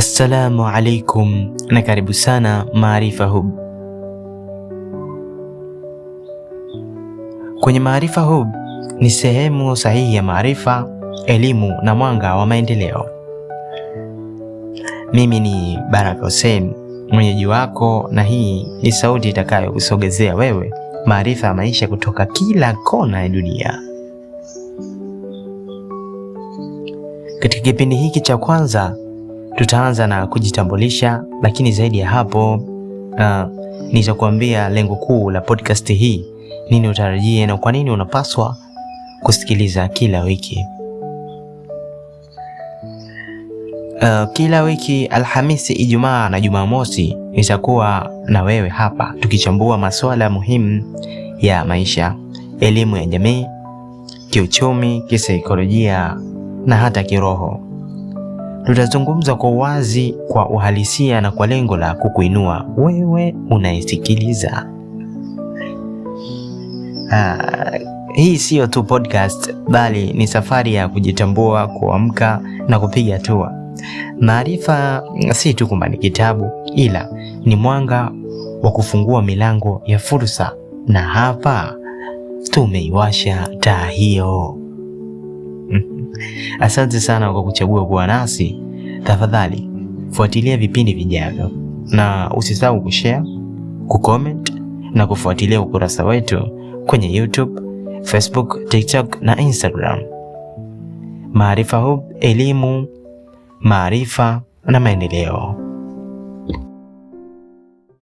Assalamu alaikum na karibu sana Maarifa Hub. Kwenye Maarifa Hub ni sehemu sahihi ya maarifa, elimu na mwanga wa maendeleo. Mimi ni Baraka Hussein, mwenyeji wako, na hii ni sauti itakayokusogezea wewe maarifa ya maisha kutoka kila kona ya dunia. Katika kipindi hiki cha kwanza tutaanza na kujitambulisha, lakini zaidi ya hapo uh, nitakuambia lengo kuu la podcast hii, nini utarajie na kwa nini unapaswa kusikiliza kila wiki. Uh, kila wiki Alhamisi, Ijumaa na Jumamosi nitakuwa na wewe hapa tukichambua masuala muhimu ya maisha, elimu ya jamii, kiuchumi, kisaikolojia na hata kiroho. Tutazungumza kwa uwazi, kwa uhalisia na kwa lengo la kukuinua wewe unayesikiliza. Ah, hii siyo tu podcast, bali ni safari ya kujitambua, kuamka na kupiga hatua. Maarifa si tu kwamba ni kitabu, ila ni mwanga wa kufungua milango ya fursa, na hapa tumeiwasha taa hiyo. Asante sana kwa kuchagua kuwa nasi. Tafadhali fuatilia vipindi vijavyo na usisahau kushare, kucomment na kufuatilia ukurasa wetu kwenye YouTube, Facebook, TikTok na Instagram. Maarifa Hub, elimu, maarifa na maendeleo.